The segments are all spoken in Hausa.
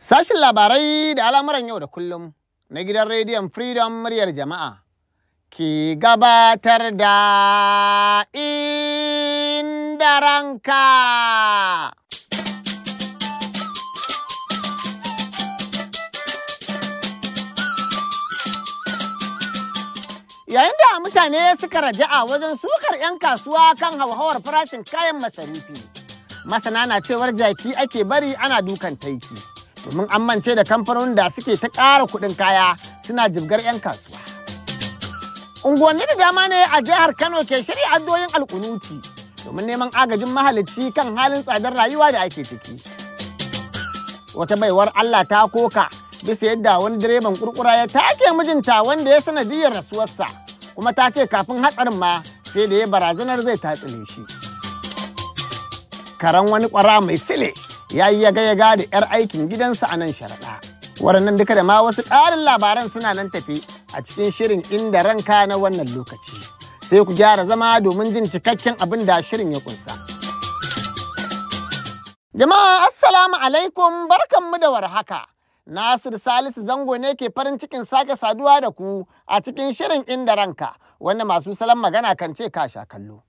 Sashin labarai da al'amuran yau da kullum na gidan rediyon Freedom muryar jama'a ke gabatar da inda ranka. Yayin da mutane suka raja'a wajen sukar 'yan kasuwa kan hauhawar farashin kayan masarufi, masana na cewar jaki ake bari ana dukan taiki. domin an mance da kamfanonin da suke ta ƙara kuɗin kaya suna jibgar 'yan kasuwa. Unguwanni da dama ne a jihar Kano ke shirya addoyin alƙunuti domin neman agajin mahalicci kan halin tsadar rayuwa da ake ciki. Wata baiwar Allah ta koka bisa yadda wani direban kurkura ya take mijinta wanda ya sanadiyar rasuwarsa kuma ta ce kafin hatsarin ma sai da ya barazanar zai tatsile shi. Karan wani kwara mai sile ya yi yaga ya da 'yar aikin gidansa a nan sharaɗa. Waɗannan duka da ma wasu ƙarin labaran suna nan tafi a cikin shirin inda ranka na wannan lokaci. Sai ku gyara zama domin jin cikakken abin da shirin ya kunsa. Jama'a Assalamu alaikum barkan mu da warhaka. Nasir Salisu Zango ne ke farin cikin sake saduwa da ku a cikin shirin inda ranka wanda masu salon magana kan ce kasha sha kallo.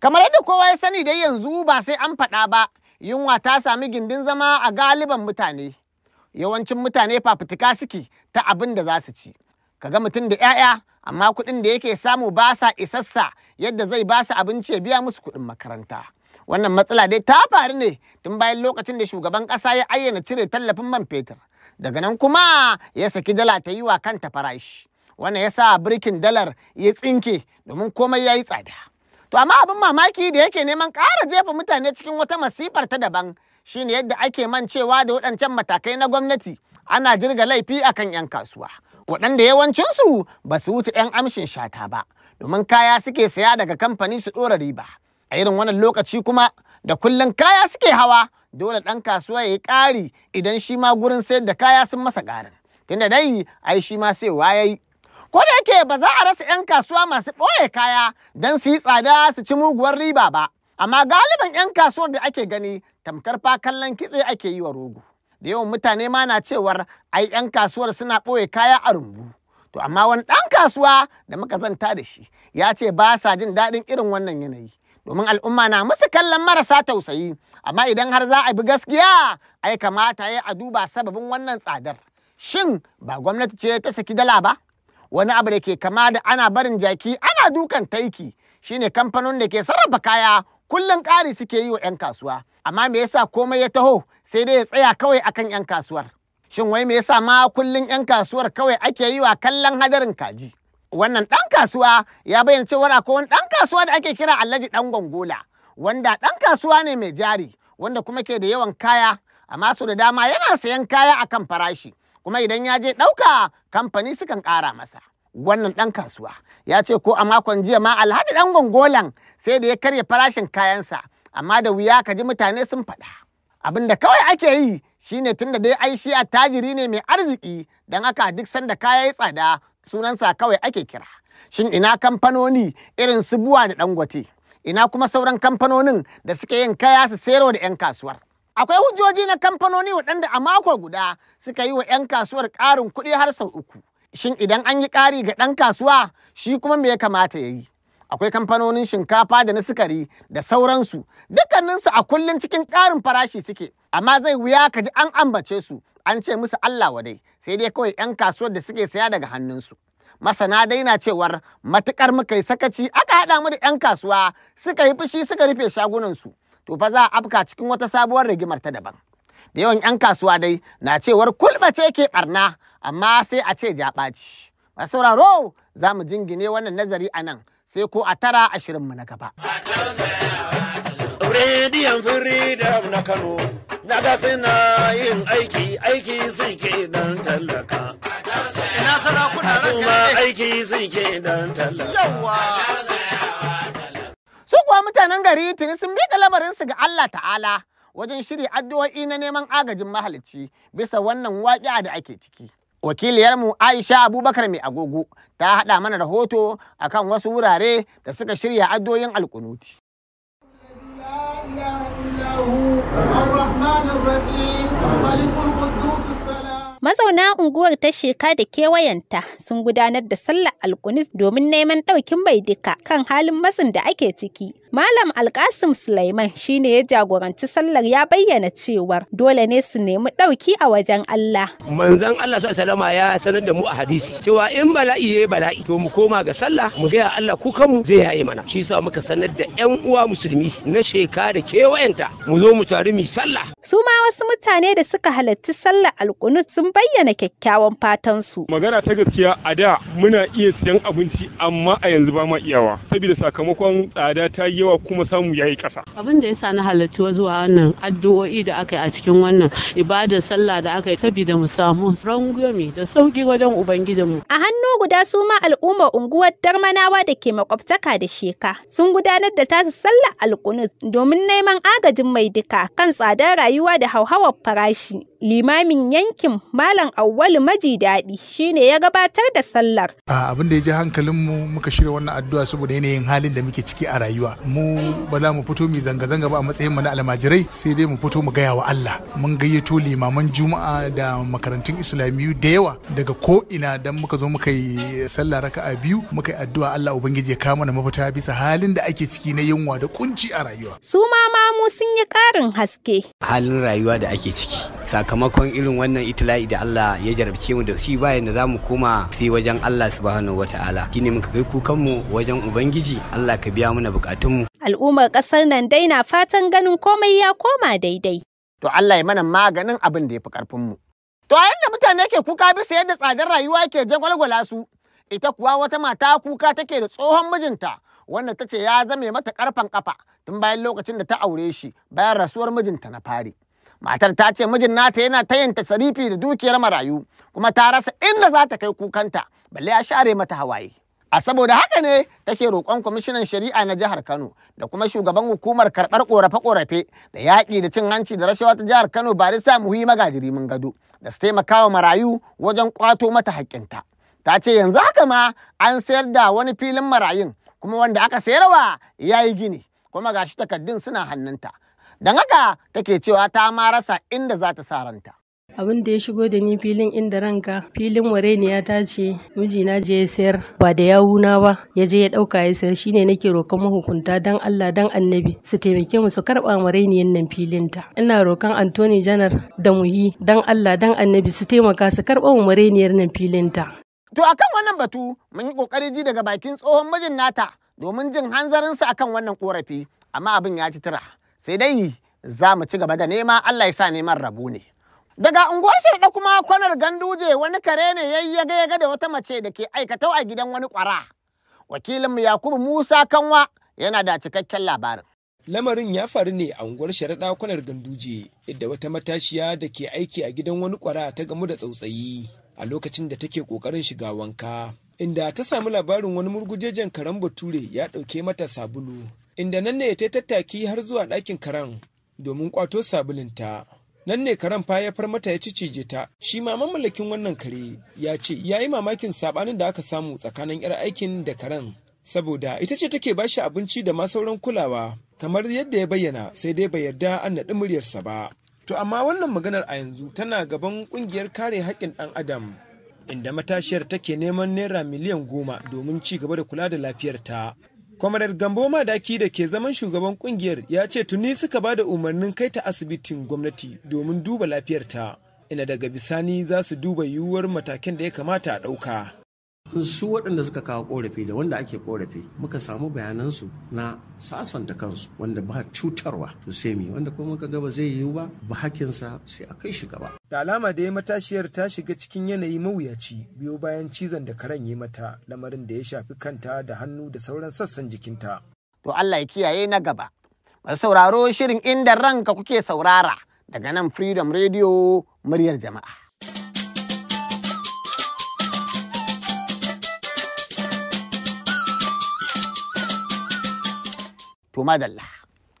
Kamar yadda kowa ya sani dai yanzu ba sai an faɗa ba yunwa ta sami gindin zama a galiban mutane yawancin mutane fafutuka suke ta abin da za su ci Ka ga mutum da 'ya'ya amma kuɗin da yake samu ba sa isassa yadda zai ba su abinci ya biya musu kuɗin makaranta wannan matsala dai ta faru ne tun bayan lokacin da shugaban ƙasa ya ayyana cire tallafin man fetur daga nan kuma ya saki dala ta yi wa kanta farashi wannan ya sa birkin dalar ya tsinke domin komai ya yi tsada To amma abin mamaki da yake neman ƙara jefa mutane cikin wata masifar ta daban shine yadda ake mancewa da waɗancan matakai na gwamnati ana jirga laifi akan 'yan kasuwa waɗanda yawancinsu ba su wuce 'yan amshin shata ba domin kaya suke saya daga kamfani su ɗora riba a irin wannan lokaci kuma da kullun kaya suke hawa dole ɗan kasuwa ya yi ƙari idan shi ma gurin sayar da kaya sun masa ƙarin tunda dai ai shi ma sai wayayi Ko da yake ba za a rasa 'yan kasuwa masu ɓoye kaya don su yi tsada su ci muguwar riba ba, amma galiban 'yan kasuwar da ake gani tamkar fa kallon kitse ake yi wa rogo. Da yawan mutane ma na cewar ai 'yan kasuwar suna ɓoye kaya a rumbu. To amma wani ɗan kasuwa da muka zanta da shi ya ce ba sa jin daɗin irin wannan yanayi. domin al'umma na musu kallon marasa tausayi amma idan har za a bi gaskiya ai kamata ya a duba sababin wannan tsadar shin ba gwamnati ce ta saki dala ba wani abu da ke kama da ana barin jaki ana dukan taiki shine kamfanin da ke sarrafa kaya kullum ƙari suke yi wa 'yan kasuwa amma me yasa komai ya taho sai dai ya tsaya kawai akan 'yan kasuwar shin wai me yasa ma kullum 'yan kasuwar kawai ake yi wa kallon hadarin kaji wannan ɗan kasuwa ya bayyana cewa akwai wani ɗan kasuwa da ake kira alhaji ɗan gongola wanda ɗan kasuwa ne mai jari wanda kuma ke da yawan kaya amma su da dama yana sayan kaya akan farashi kuma idan ya je ɗauka kamfani sukan ƙara masa. Wannan ɗan kasuwa ya ce ko a makon jiya ma Alhaji ɗan gongolan sai da ya karya farashin kayansa amma da wuya ka ji mutane sun faɗa. Abin da kawai ake yi shine da dai ai shi a tajiri ne mai arziki don haka duk sanda kaya ya tsada sunansa kawai ake kira. Shin ina kamfanoni irin su buwa da ɗangote? Ina kuma sauran kamfanonin da suke yin kaya su sayarwa da 'yan kasuwar? Akwai hujjoji na kamfanoni waɗanda a mako guda suka yi wa 'yan kasuwar ƙarin kuɗi har sau uku. Shin idan an yi ƙari ga ɗan kasuwa shi kuma me ya kamata ya yi? Akwai kamfanonin shinkafa da na sukari da sauransu dukkaninsu a kullum cikin ƙarin farashi suke amma zai wuya ka ji an ambace su an ce musu Allah wadai sai dai kawai 'yan kasuwar da suke saya daga hannunsu. masana dai na cewar matukar muka yi sakaci aka haɗa mu da 'yan kasuwa suka yi fushi suka rufe shagunansu to fa za a afka cikin wata sabuwar rigimar ta daban. Da yawan 'yan kasuwa dai na cewar kulɓa ce ke ɓarna amma sai a ce jaɓaci. Ba sauraro za mu jingine wannan nazari a nan sai ko a tara ashirin mu na gaba. Rediyon Freedom na Kano, na ga suna yin aiki, aiki ke dan tallaka. Ina sarakuna rakin aiki Yawwa! Su kuwa mutanen gari tuni sun miƙa lamarinsu ga Allah ta'ala wajen shirya addu'o'i na neman agajin mahalicci bisa wannan waƙi'a da ake ciki. Wakiliyar mu Aisha Abubakar mai agogo ta haɗa mana rahoto akan wasu wurare da suka shirya addu'o'in alƙunuti. Mazauna unguwar ta sheka da kewayenta sun gudanar da sallar alkunis domin neman ɗaukin bai duka kan halin matsin da ake ciki. Malam Alkasim Sulaiman shine ya jagoranci sallar ya bayyana cewar dole ne su nemi ɗauki a wajen Allah. Manzon Allah salama ya sanar da mu a hadisi cewa in bala'i ya bala'i to mu koma ga sallah mu gaya Allah ku kanmu zai yaye mana. Shi sa muka sanar da 'yan uwa musulmi na sheka da kewayenta mu zo mu tare mu sallah. Su ma wasu mutane da suka halarci sallar alkunus sun bayyana kyakkyawan fatansu. Magana ta gaskiya a da muna iya siyan abinci amma a yanzu ba ma iyawa saboda sakamakon tsada ta yi yawa kuma samu ya yi ƙasa. Abin da ya sa na halarci zuwa wannan addu'o'i da aka yi a cikin wannan ibadar sallah da aka yi saboda mu samu rangwame da sauki wajen ubangijinmu. A hannu guda su ma al'ummar unguwar Darmanawa da ke makwabtaka da Sheka sun gudanar da tasu sallar alkunus domin neman agajin mai duka kan tsadar rayuwa da hauhawar farashi. limamin yankin Malam Auwalu Maji Daɗi shine ya gabatar da sallar. Abin da ya ji mu muka shirya wannan addu'a saboda yanayin halin da muke ciki a rayuwa. Mu ba za mu fito mu zanga-zanga ba a matsayin mu na almajirai sai dai mu fito mu gaya wa Allah. Mun gayyato limaman Juma'a da makarantun Islamiyu da yawa daga ko ina dan muka zo muka yi sallah raka'a biyu muka yi addu'a Allah Ubangiji ya kawo mana mafita bisa halin da ake ciki na yunwa da kunci a rayuwa. Su ma mu sun yi ƙarin haske. Halin rayuwa da ake ciki sakamakon irin wannan itila'i da Allah ya jarabce mu da shi bayan da mu koma sai wajen Allah subhanahu wataala Gini muka kai kukan mu wajen ubangiji Allah ka biya mana bukatun mu al'ummar ƙasar nan dai na fatan ganin komai ya koma daidai to Allah ya mana maganin abin da ya fi karfin mu to a mutane ke kuka bisa yadda tsadar rayuwa ke gwalgwala su ita kuwa wata mata kuka take da tsohon mijinta wanda ta ce ya zame mata karfan kafa tun bayan lokacin da ta aure shi bayan rasuwar mijinta na fari. matar ta ce mijin nata yana tayanta sarifi da dukiyar marayu kuma ta rasa inda za ta kai kukanta balle ya share mata hawaye a saboda haka ne take roƙon kwamishinan shari'a na jihar kano da kuma shugaban hukumar karɓar ƙorafe-ƙorafe da yaƙi da cin hanci da rashawa ta jihar kano barista muhi magajiri mun gado da su taimakawa marayu wajen ƙwato mata haƙƙinta ta ce yanzu haka ma an sayar da wani filin marayun kuma wanda aka sayarwa ya yi gini kuma gashi takardun suna hannunta Don haka take cewa ta ma rasa inda za ta sa ranta. abin da ya shigo da ni filin inda ranka filin wareniya ta ce mijina je ya sayar ba da yawuna ba ya je ya dauka ya sayar shine nake roƙon mahukunta dan Allah dan annabi su taimake mu su karba wareniyan nan filin ta ina roƙon Anthony Janar da muhi dan Allah dan annabi su taimaka su karba wareniyar nan filin ta to akan wannan batu mun yi kokari ji daga bakin tsohon mijin nata domin jin hanzarinsa akan wannan korafi amma abin ya ci tura sai dai za mu ci gaba da nema Allah ya sa neman rabu ne. Daga unguwar Sharda kuma kwanar ganduje wani kare ne ya yaga da wata mace da ke aikatau a gidan wani kwara. Wakilinmu Yakubu Musa Kanwa yana da cikakken labarin. Lamarin ya faru ne a unguwar Sharaɗa kwanar ganduje inda wata matashiya da ke aiki a gidan wani kwara ta gamu da tsautsayi a lokacin da take ƙoƙarin shiga wanka. Inda ta sami labarin wani murgujejen karen bature ya ɗauke mata sabulu inda nan ne ta tattaki har zuwa ɗakin karen domin ƙwato sabulinta. Nan ne karen fa ya far mata ya cicije ta, shi ma mamallakin wannan kare ya ce ya yi mamakin saɓanin da aka samu tsakanin 'yar aikin da karen. Saboda ita ce take bashi abinci da ma sauran kulawa, kamar yadda ya bayyana sai dai bai yarda an naɗi muryarsa ba. To amma wannan maganar a yanzu tana gaban ƙungiyar kare haƙƙin ɗan adam inda matashiyar take neman naira miliyan goma domin ci gaba da kula da lafiyarta kwamarar gambo madaki da ke zaman shugaban kungiyar ya ce tuni suka ba da umarnin kai ta asibitin gwamnati domin duba lafiyarta ina daga bisani za su duba yiwuwar matakin da ya kamata a ɗauka. su waɗanda suka kawo korafi da wanda ake korafi muka samu bayanansu na sasanta kansu wanda ba cutarwa to sai mi wanda kuma muka gaba zai yiwu ba ba hakinsa sai a kai shi gaba da alama da ya matashiyar ta shiga cikin yanayi mawuyaci biyo bayan cizon da karen yi mata lamarin da ya shafi kanta da hannu da sauran sassan jikinta to Allah ya kiyaye na gaba ba sauraro shirin inda ranka kuke saurara daga nan freedom radio muryar jama'a to madalla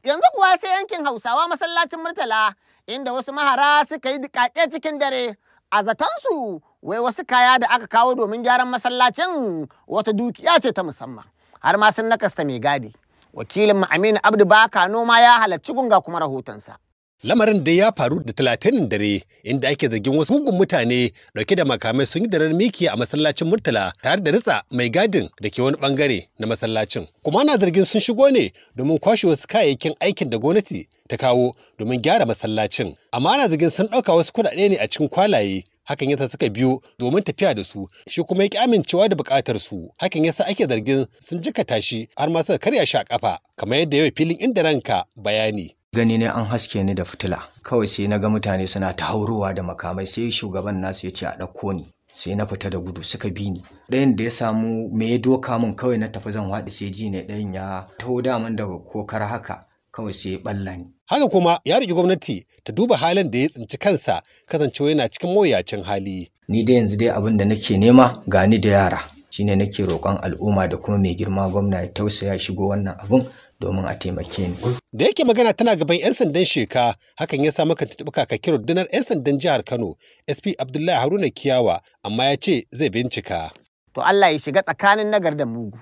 yanzu kuwa sai yankin hausawa masallacin murtala inda wasu mahara suka yi dikaƙe cikin dare a zatansu wai wasu kaya da aka kawo domin gyaran masallacin wata dukiya ce ta musamman har ma sun nakasta mai gadi wakilin aminu abdu Kano noma ya halarci gunga kuma rahotonsa Lamarin da ya faru da talatin dare inda ake zargin wasu mugun mutane dauke da makamai sun yi darar miki a masallacin Murtala tare da ritsa mai gadin da ke wani bangare na masallacin. Kuma ana zargin sun shigo ne domin kwashe wasu kayayyakin aikin da gwamnati ta kawo domin gyara masallacin. Amma ana zargin sun ɗauka wasu kuɗaɗe ne a cikin kwalaye hakan yasa suka biyo domin tafiya da su shi kuma ya ki amincewa da bukatar su hakan yasa ake zargin sun jikata shi har ma suka karya shi a kafa kamar yadda yau filin inda ranka bayani gani ne an haske ni da fitila kawai sai na ga mutane suna ta haurowa da makamai sai shugaban nasu ya ce a ɗauko ni sai na fita da gudu suka bi ni ɗayan da ya samu me ya doka min kawai na tafi zan haɗu sai ji ne ɗayan ya taho daman da kokar haka kawai sai ya ɓalla ni. haka kuma ya rigi gwamnati ta duba halin da ya tsinci kansa kasancewa yana cikin mawuyacin hali. ni da yanzu dai abin da nake nema gani da yara shine nake roƙon al'umma da kuma mai girma gwamna ya tausaya shigo wannan abin. domin a taimake ni. Da yake magana tana gaban 'yan sandan sheka hakan ya sa maka tuntuɓi kakakin rundunar 'yan sandan jihar Kano SP Abdullahi Haruna Kiyawa amma ya ce zai bincika. To Allah ya shiga tsakanin nagar da mugu.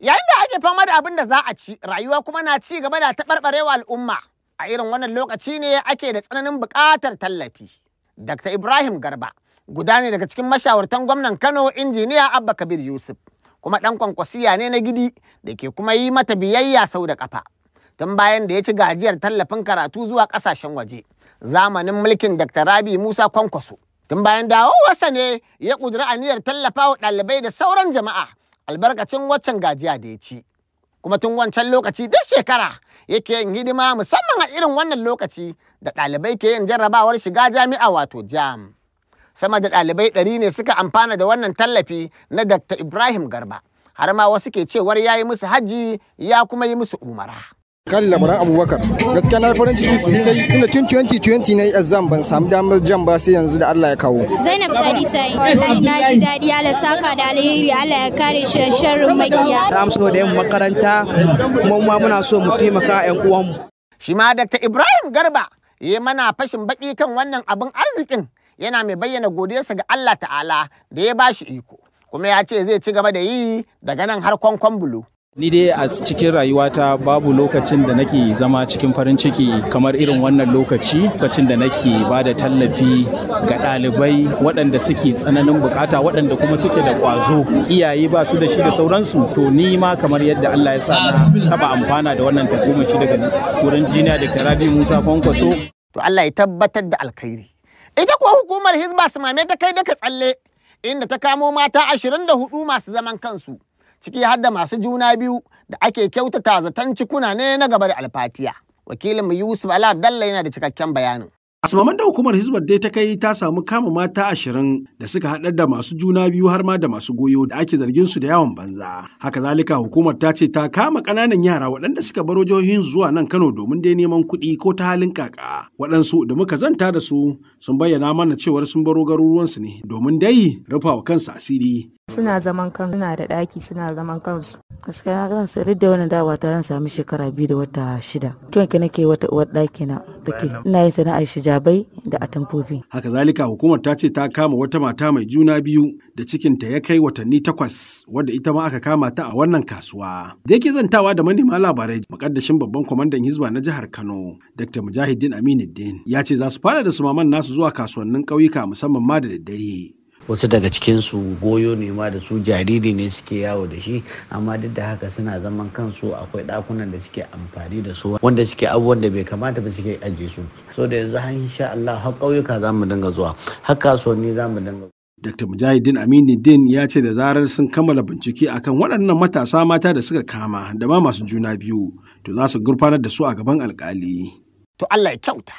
Yayin da ake fama da abin da za a ci rayuwa kuma na ci gaba da taɓarɓarewa al'umma a irin wannan lokaci ne ake da tsananin buƙatar tallafi. Dr. Ibrahim Garba guda ne daga cikin mashawartan gwamnan Kano injiniya Abba Kabir Yusuf. kuma ɗan kwankwasiya ne na gidi da ke kuma yi mata biyayya sau da ƙafa tun bayan da ya ci gajiyar tallafin karatu zuwa ƙasashen waje zamanin mulkin dr rabi musa kwankwaso tun bayan dawowarsa ne ya ƙudura aniyar tallafa wa ɗalibai da sauran jama'a albarkacin waccan gajiya da ya ci kuma tun wancan lokaci duk shekara yake yin hidima musamman a irin wannan lokaci da ɗalibai ke yin jarrabawar shiga jami'a wato jam. sama da ɗalibai ɗari ne suka amfana da wannan tallafi na Dr. Ibrahim Garba. Har ma wasu ke cewar ya yi musu haji ya kuma yi musu umara. kan labaran abubakar gaskiya na farin ciki sosai tunda tun 2020 na yi exam ban samu damar jan ba sai yanzu da Allah ya kawo zainab sadi sai na ji daɗi Allah saka da alheri Allah ya kare shi sharrin makiya Za mu so da yin makaranta kuma ma muna so mu taimaka yan uwan mu shi ma Dr. Ibrahim Garba ya mana fashin baki kan wannan abin arzikin yana mai bayyana godiyarsa ga Allah ta'ala da ya bashi iko kuma ya ce zai ci gaba da yi daga nan har kwankwan bulu Ni dai a cikin rayuwata babu lokacin da nake zama cikin farin ciki kamar irin wannan lokaci, lokacin da nake ba da tallafi ga ɗalibai waɗanda suke tsananin bukata waɗanda kuma suke da ƙwazo iyaye ba su da shi da sauransu to ni ma kamar yadda Allah ya sa na taba amfana da wannan shi daga wurin jiniya da tarabi Musa fankwaso To Allah ya tabbatar da alkhairi. Ita kuwa hukumar Hizba su mame ta kai daga tsalle inda ta kamo mata ashirin da hudu masu zaman kansu ciki har da masu juna biyu da ake kyautata zaton cikuna ne na gabar alfatiya. Wakilinmu Yusuf Ala yana da cikakken bayanin. Asmaman da hukumar Hizbar dai ta kai ta samu kama mata ashirin da suka haɗar da masu juna biyu har ma da masu goyo da ake zargin su da yawan banza. Haka zalika hukumar ta ce ta kama ƙananan yara waɗanda suka baro jihohin zuwa nan Kano domin dai neman kuɗi ko ta halin kaka. Waɗansu da muka zanta da su sun bayyana mana cewar sun baro garuruwansu ne domin dai rufa wa kansu asiri. Suna zaman kansu suna da ɗaki suna zaman kansu. Gaskiya ran duk da wani dawa ta zan sami shekara biyu da wata shida. Kiyon ki nake wata uwar ɗaki na. take yi yin sana'ar shijabai da atamfofi haka zalika hukumar ta ce ta kama wata mata mai juna biyu da cikinta ya kai watanni takwas wadda ita ma aka kama ta a wannan kasuwa da yake zantawa da manema labarai makaddashin babban kwamandan hizba na jihar kano dr mujahidin aminuddin ya ce za su fara da sumaman nasu zuwa kasuwannin ƙauyuka musamman ma da daddare wasu daga cikinsu goyo ne ma da su jariri ne suke yawo da shi amma duk da haka suna zaman kansu akwai ɗakunan da suke amfani da su wanda suke abubuwan da bai kamata ba suke ajiye su so da yanzu har insha Allah har kauyuka za mu dinga zuwa har kasuwanni za mu dinga Dr. Mujahideen Din ya ce da zarar sun kammala bincike akan waɗannan matasa mata da suka kama da ma masu juna biyu to za su gurfanar da su a gaban alkali. To Allah ya kyauta.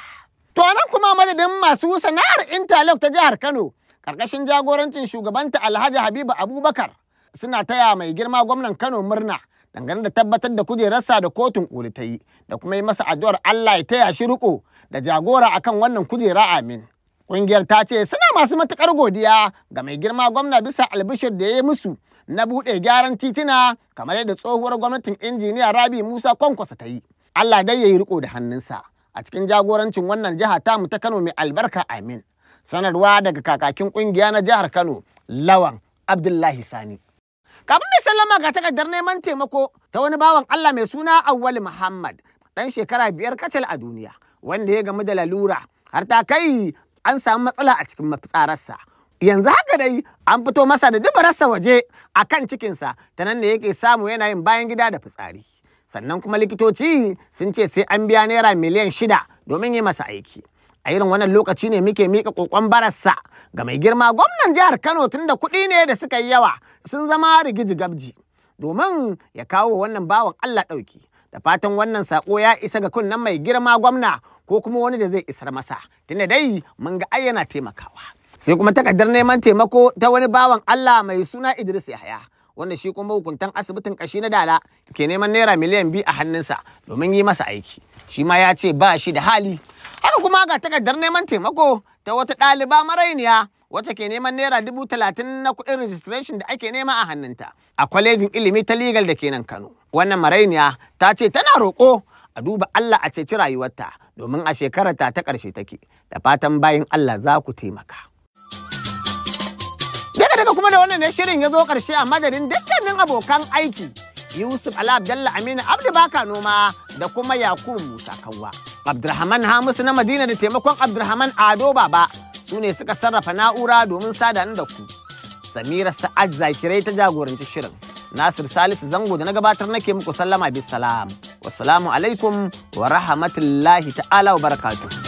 To nan kuma madadin masu sana'ar Interlock ta jihar Kano ƙarƙashin jagorancin shugabanta Alhaji Habibu Abubakar suna taya mai girma gwamnan Kano murna dangane da tabbatar da kujerarsa da kotun ƙoli ta yi da kuma yi masa addu'ar Allah ya taya shi riko da jagora akan wannan kujera amin. Ƙungiyar ta ce suna masu matuƙar godiya ga mai girma gwamna bisa albishir da ya yi musu na buɗe gyaran tituna, kamar yadda tsohuwar gwamnatin injiniya Rabi Musa Kwankwasa ta yi. Allah dai ya yi riko da hannunsa a cikin jagorancin wannan jiha tamu ta Kano mai albarka amin. sanarwa daga kakakin kungiya na jihar Kano Lawan Abdullahi Sani. Kafin mai sallama ga takardar neman taimako ta wani bawan Allah mai suna Awwal Muhammad ɗan shekara biyar kacal a duniya wanda ya gamu da lalura har ta kai an samu matsala a cikin mafitsararsa. Yanzu haka dai an fito masa da dubararsa waje a kan cikinsa ta nan da yake samu yana yin bayan gida da fitsari. Sannan kuma likitoci sun ce sai an biya naira miliyan shida domin yi masa aiki. a irin wannan lokaci ne muke mika kokon bararsa ga mai girma gwamnan jihar kano tun da kuɗi ne da suka yi yawa sun zama rigiji gabji domin ya kawo wannan bawan allah ɗauki da fatan wannan sako ya isa ga kunnan mai girma gwamna ko kuma wani da zai isar masa tunda dai mun ga ayyana taimakawa sai kuma takardar neman taimako ta wani bawan allah mai suna idris yahaya wanda shi kuma hukuntan asibitin kashi na dala ke neman naira miliyan biyu a hannunsa domin yi masa aiki shi ma ya ce ba shi da hali Haka kuma ga takardar neman taimako ta wata ɗaliba marainiya wacce ke neman naira dubu talatin na kuɗin registration da ake nema a hannunta a kwalejin ilimi ta legal da ke nan Kano. Wannan marainiya ta ce tana roƙo a duba Allah a ceci rayuwarta domin a shekararta ta ƙarshe take da fatan bayan Allah za ku taimaka. Daga daga kuma da wannan ne shirin ya zo ƙarshe a madadin dukkanin abokan aiki Yusuf Ala Abdalla Aminu Abdu Baka Noma da kuma Yakubu Musa Kawwa. Abdulrahman Hamisu na Madina da taimakon Abdulrahman Ado Baba su ne suka sarrafa na'ura domin sada da ku. Samira Sa'ad Zakirai ta jagoranci shirin. Nasir Salisu Zango da na gabatar nake muku sallama salam. Wassalamu alaikum wa rahmatullahi ta'ala wa barakatuhu.